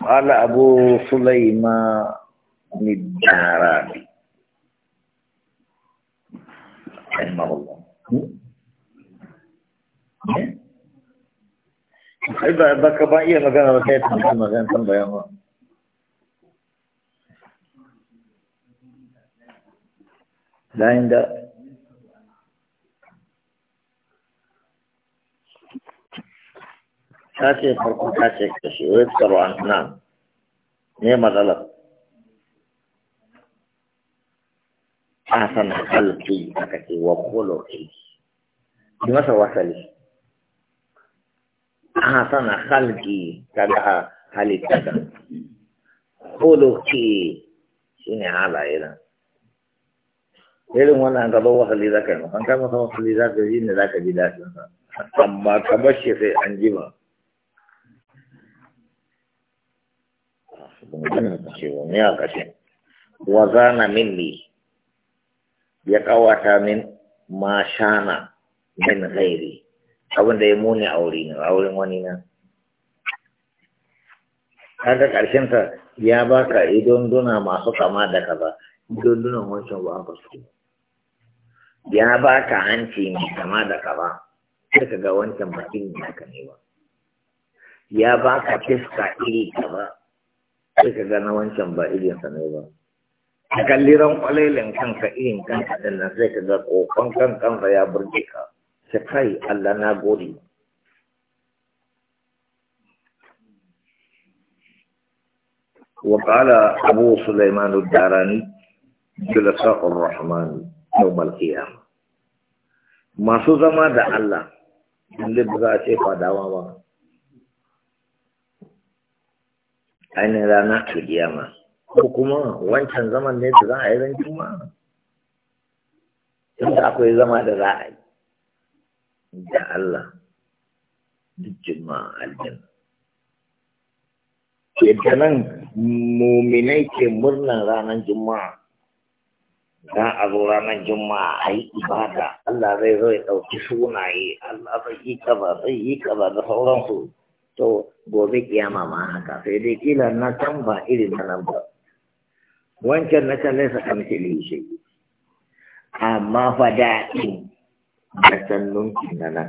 قال أبو سليمان الدهراني رحمه الله إذا إذا كبائية ما كان رسيت ما كان كان الله لا عندك ta ce farko ta ce kashe wai tsaro an nan ne matsalar asan halki aka ce wa kolo ki masa wasali asan halki kaga halitta da shi ne halaye nan irin wannan gaban wasali zaka yi an kama wasali zaka yi ne zaka ji daɗin sa amma ka bar sai an jima maganar ta ce wa ne a ƙashin wa zana minni ya ƙawata min ma shana min ghairi abin da ya muni a wuri a wurin wani na kaga ƙarshen ta ya baka idonduna masu kama da kaza idondunan wancan ba ka su ya baka hanci mai kama da kaza sai ka ga wancan bakin ya ka ne ba ya baka fiska iri kaza sai ka gana wancan ba irin sa ne ba kalliran kwalailin kanka irin kanka din nan sai ka ga kokon kan ya burge ka sai kai Allah na gode wa abu sulaiman darani jalasa ar-rahman yawm al masu zama da Allah inda ba a ce fadawa ba ainihin rana alkiyama ko kuma wancan zaman ne da za a yi ran juma'a inda akwai zama da za a yi da Allah duk juma'a aljanna yadda nan muminai ke murnan ranar juma'a za a zo ranar juma'a a yi ibada Allah zai zo ya ɗauki sunaye Allah zai yi kaza zai yi kaza da sauransu to gobe kiyama ma haka sai dai kila na can ba irin na nan ba wancan na can nesa kamfili shi amma fa daɗin da sannun na nan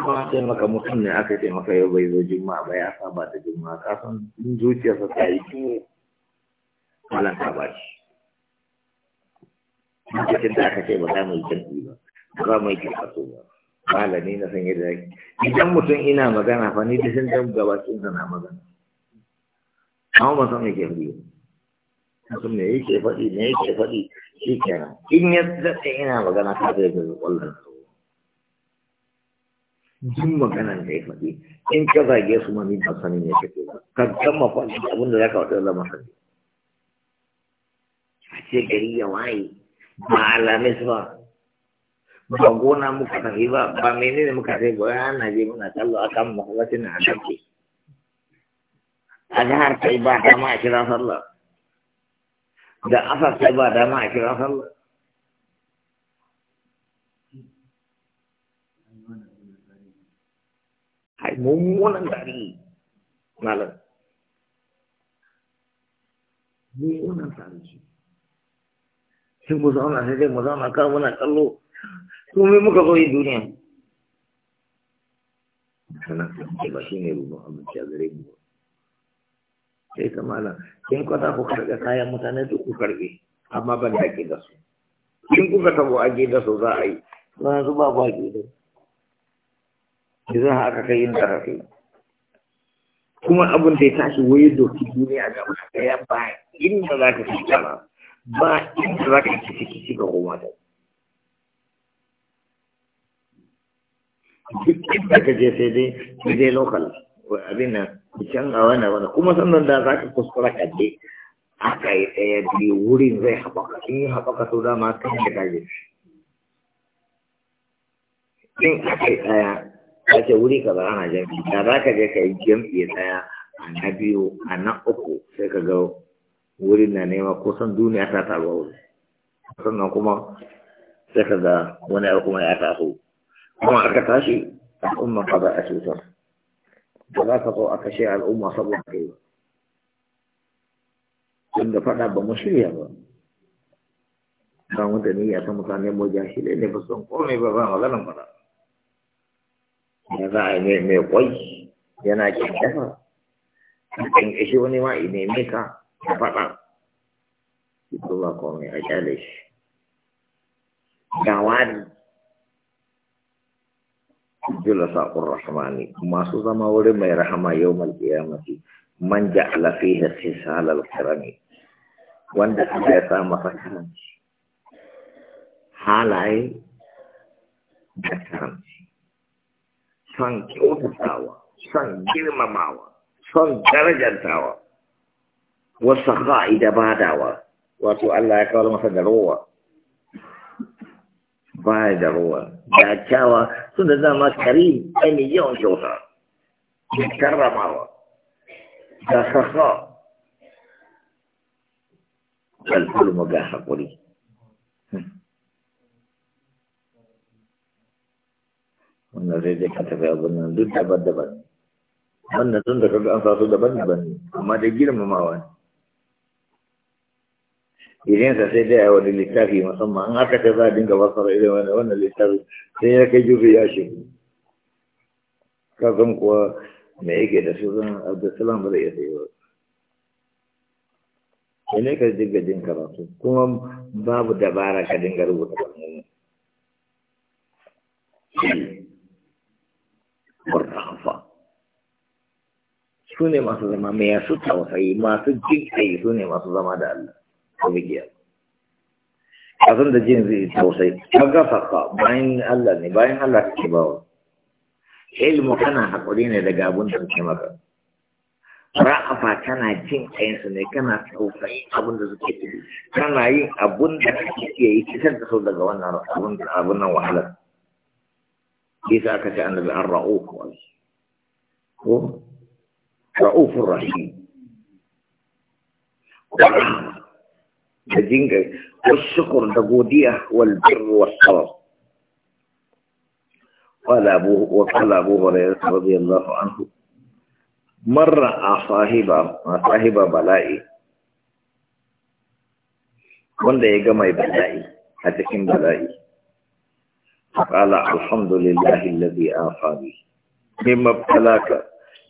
kuma sai maka mutum ne aka ce maka yau bai zo juma'a ba ya saba da juma'a ka san zuciyarsa ta yi kiwo malan ka ba shi da aka ce ba za mu yi kirki ba ba za mu yi kirkaso ba malami na san yadda yake idan mutum ina magana fa ni da sun dan gabakin sa na magana amma ba san yake faɗi mutum me yake faɗi me yake faɗi shi kenan in ya daɗe ina magana ta zai ga kwallon duk maganan da ya faɗi in ka zage su ma ni ba sanin ya kake ba ka gama faɗi abin da za ka faɗi zama sani a ce gari ya waye ba alamis ba ba gona muka tafi ba ba menene muka sai ba na je muna kallo akan mahallacin a dake a jihar sai ba dama a kira sallah da asar sai ba dama a kira sallah hai mummunan tari malam mummunan tari sai mu zauna sai dai mu zauna kawo muna kallo kuma muka zo yin duniya sana ce ba shi ne rubun abinci a gare mu sai ta malam kin kwata ku karɓe kayan mutane duk ku karɓe amma ban da ke da su kin kuka tabo a ke da su za a yi ba su ba ba ke da su haka kai yin tarafi kuma abun da ya tashi waye doki duniya ga wasu ɗaya ba inda za ka fi kana ba inda za ka ci ciki ga koma da duk inda ka je sai dai sai lokal abin nan can a wani wani kuma sannan da za ka kuskura ka je aka yi ɗaya biyu wurin zai haɓaka in yi haɓaka sau dama kan da kaje in aka yi ɗaya ka ce wuri ka ba ana jam'i da za ka je ka yi jam'i ɗaya a na biyu a na uku sai ka ga wurin na nema kusan duniya ta taruwa wuri sannan kuma sai ka ga wani abu kuma ya taso kuma aka tashi al'umma قضاء a cutar ba za ka zo a kashe al'umma saboda kai ba tun faɗa ba mu shirya ba ba mu da niyya ta mutane mu jahilai ne ba san komai ba ba maganan ba ya za a yi kwai yana kin dafa kin wani ma faɗa ita ba komai a kyale shi جلساء الرحمن ما سوزما ولما يرحم يوم القيامة من جعل فيه خصال الكرم وان الله سامة كرم حالي كرم son kyautatawa son girmamawa son darajantawa wasu ha'ida badawa wato Allah ya kawar masa da rowa baya da ruwa da kyawa su da dama karim ai mai yawan kyauta da karramawa da sassa alfulmu ga haƙuri wannan zai dai ka tafi abin nan duk daban-daban wannan tun da kaga su daban-daban ne amma da girmamawa ne idan sa sai dai a wani littafi musamman an haka ta za a dinga fasara irin wani wannan littafi sai ya kai jufi ya shi kasan kuwa me yake da su zan abdulsalam ba zai iya sayi ba sai ne ka dinga jin karatu kuma babu dabara ka dinga rubuta kalmomi Kurtafa su ne masu zama mai yasu tausayi masu jinkai kai su ne masu zama da Allah ko bigiya da jin zai tausai kaga fakka bayan Allah ne bayan Allah kake bawa ilmu kana hakuri ne daga abun da kake maka ra'afa tana jin kayansu ne kana tausayin abun da suke ciki kana yin abun da kake ke yi kisan da sau daga wannan abun da abin nan wahalar bisa aka ce annabi an ra'ufu ko oh. ra'ufur rahim تجينك والشكر دقودية والبر والصلاة قال أبوه وقال أبو هريرة رضي الله عنه مرة أصاحب أصاحب بلائي وندى يقمى بلائي أتكين بلائي قال الحمد لله الذي آفاني مما ابتلاك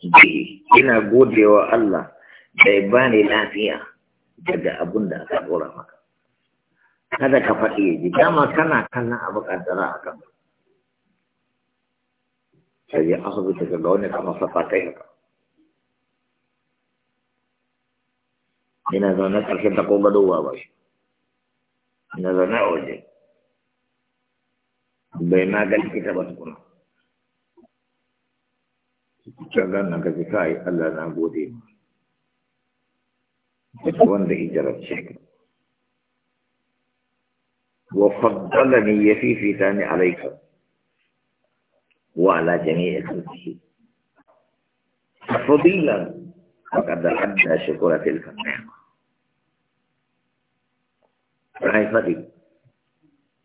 به إنا أقول لي وألا جايباني لا فيها daga abun da aka dora maka kada ka faɗi ya ji dama kana kallon abu ƙaddara a kan sai ya asibiti bita ga wani kamar safa kai haka ina zaune ƙarshen ta ko gadowa ba shi ina zaune a waje bai ma ga likita ba tukuna ka gana ka ji kai Allah na gode ma ژوند د هجرت وفضلني يفي في ثاني عليك وعلى جميع خلقه فضيلا فقد ادى شكر تلك النعمه رأي فضي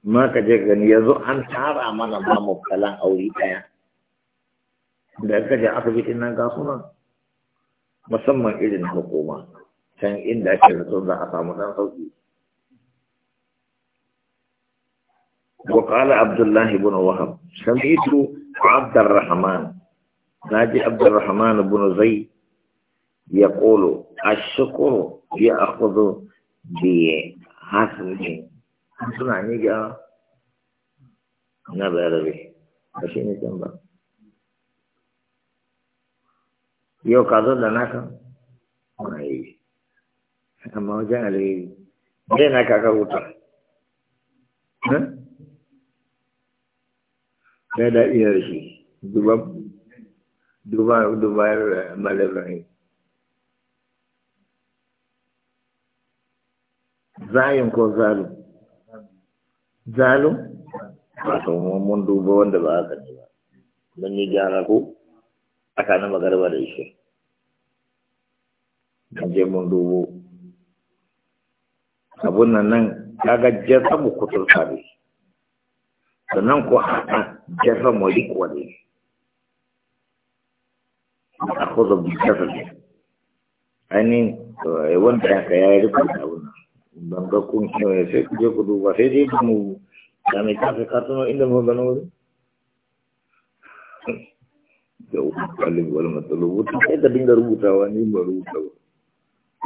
ما تجد ان يزو ان صار امانا ما مبتلا او ريتايا ده كجا اخبتنا قاسونا مسمى اذن حكومات can inda ake zato za a samu ɗan sauki وقال عبد الله بن وهب سمعت عبد الرحمن ناجي عبد الرحمن بن زيد يقول الشكر يأخذ بحسنه حسنا نجا نبأ به ماشي نجنبا يو كذا لنا كم ما هي amma wajen alheri zai na kaka wuta ya da iya shi duba duba dubayar eh, malarai zayin ko zalu zalu ba mun duba wanda ba haka ne ba don yi gyara ko tsakanin magarba da ishe mun je mun dubo abun nan nan kaga mu kutul kare sannan ko mu hada jazabu a akhudhu bi ne ani eh, wanda ya kai da abun ban ga kun kewaye sai ku je ku duba sai dai mu ya mai kafe kartuno inda mu gano wuri da ukwalin wani matsalo wuta sai ka dinga rubutawa ne ba rubutawa ba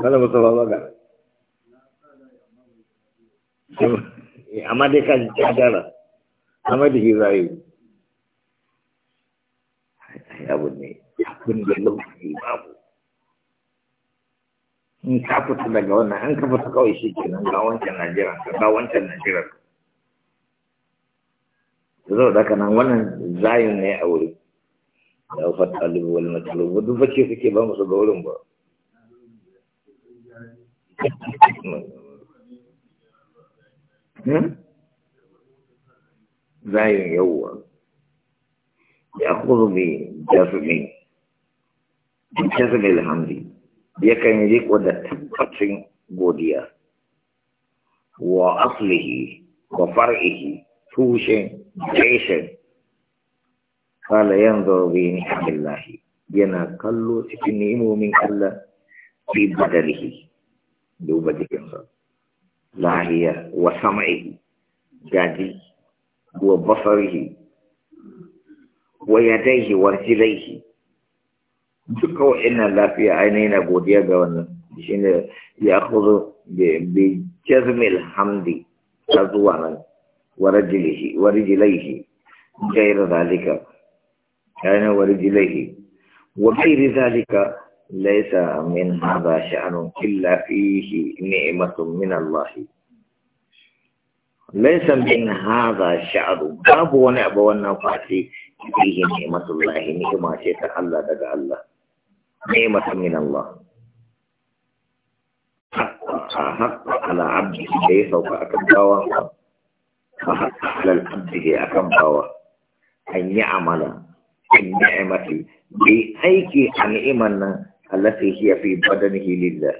kana masa ba gara amma dai kan kyakkyara amma da shi rayu abu ne abin da lokaci babu in ka fita daga wannan an ka ta kawai shi kenan ga wancan najeriya ga wancan najeriya zau da kanan wannan zayin ne a wuri da ufar talibu wani matalibu duk bace suke ba musu ga wurin ba Hmm? zayin yawwa ya kuzu bi jasumi jasumi alhamdi yakan yi da tabbacin godiya wa aslihi wa far'ihi tushen jeshen kala yanzu ni ni'amillahi yana kallo cikin ni'imomin Allah fi badalihi duba jikinsa لاهية وسمعه جادي وبصره ويديه ورجليه تكو إن لا في عينينا بوديا جوانا لشين يأخذ بجزم الحمد تزوانا ورجليه ورجليه غير ذلك أنا ورجليه وغير ذلك laisa min hadha sya'nun illa fihi ni'matun min Allah laisa min hadha sya'nun babu wani abu wannan fasi fihi ni'matun Allah ni'ma ce ta Allah daga Allah ni'matun min Allah a haka ala abdi da ya sauka a kan a haka ala abdi da an yi amala in ni'mati bai aiki a ni'man nan التي هي في بدنه لله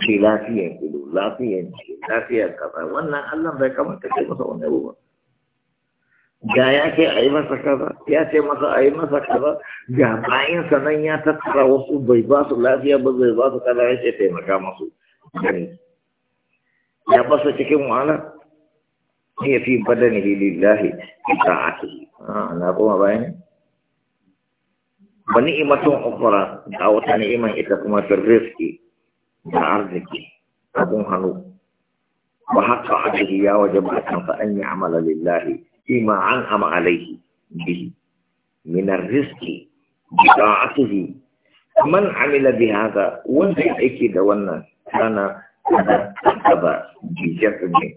shi lafiyan ido lafiyan ce lafiyan kafa wannan allah bai kamata ce masa wani abu ga ya ce a yi masa kaza ya ce masa a yi masa kaza ga bayan sanan ya tattara wasu bai ba su lafiya ba zai ba su kaza ya ce taimaka masu ya ba su cikin wahala ya fi badani lillahi na koma bayan wani imatun ukura da wata ni'iman ita kuma fil rizqi da arziki abun hannu wa haqqa alayhi ya wajaba an fa an ya'mala lillahi bima an ama alayhi bihi min ar-rizqi bi ta'atihi man amila bi hada wanda aiki da wannan kana da gaba bi jafi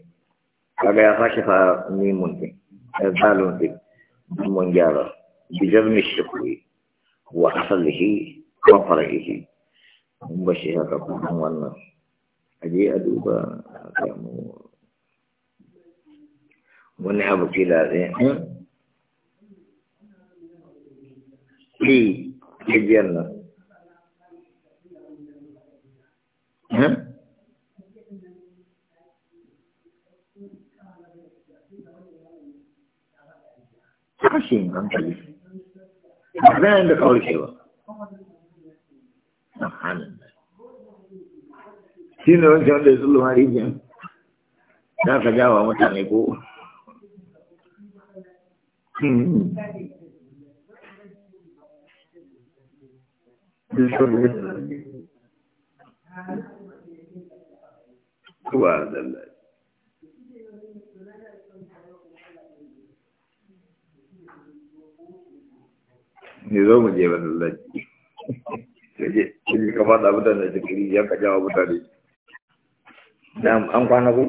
kaga ya sake fa ni mun din zalun din mun gyara bi jazmi shukri وأصله وفرعه مبشرة تكون والنص أجي أدوبا ونحب ونعب كلا في الجنة ها Kasih, kan, tadi. ba zai yadda kawarkewa subhanallah shi ne wancan ya tsullu mari biyan za ka jawa mutane ko Kuwa da Allah. ne zo mu je wani lalaci kaje kaje ka faɗa mutane da kiri yanka ka jawo mutane na an kwana ku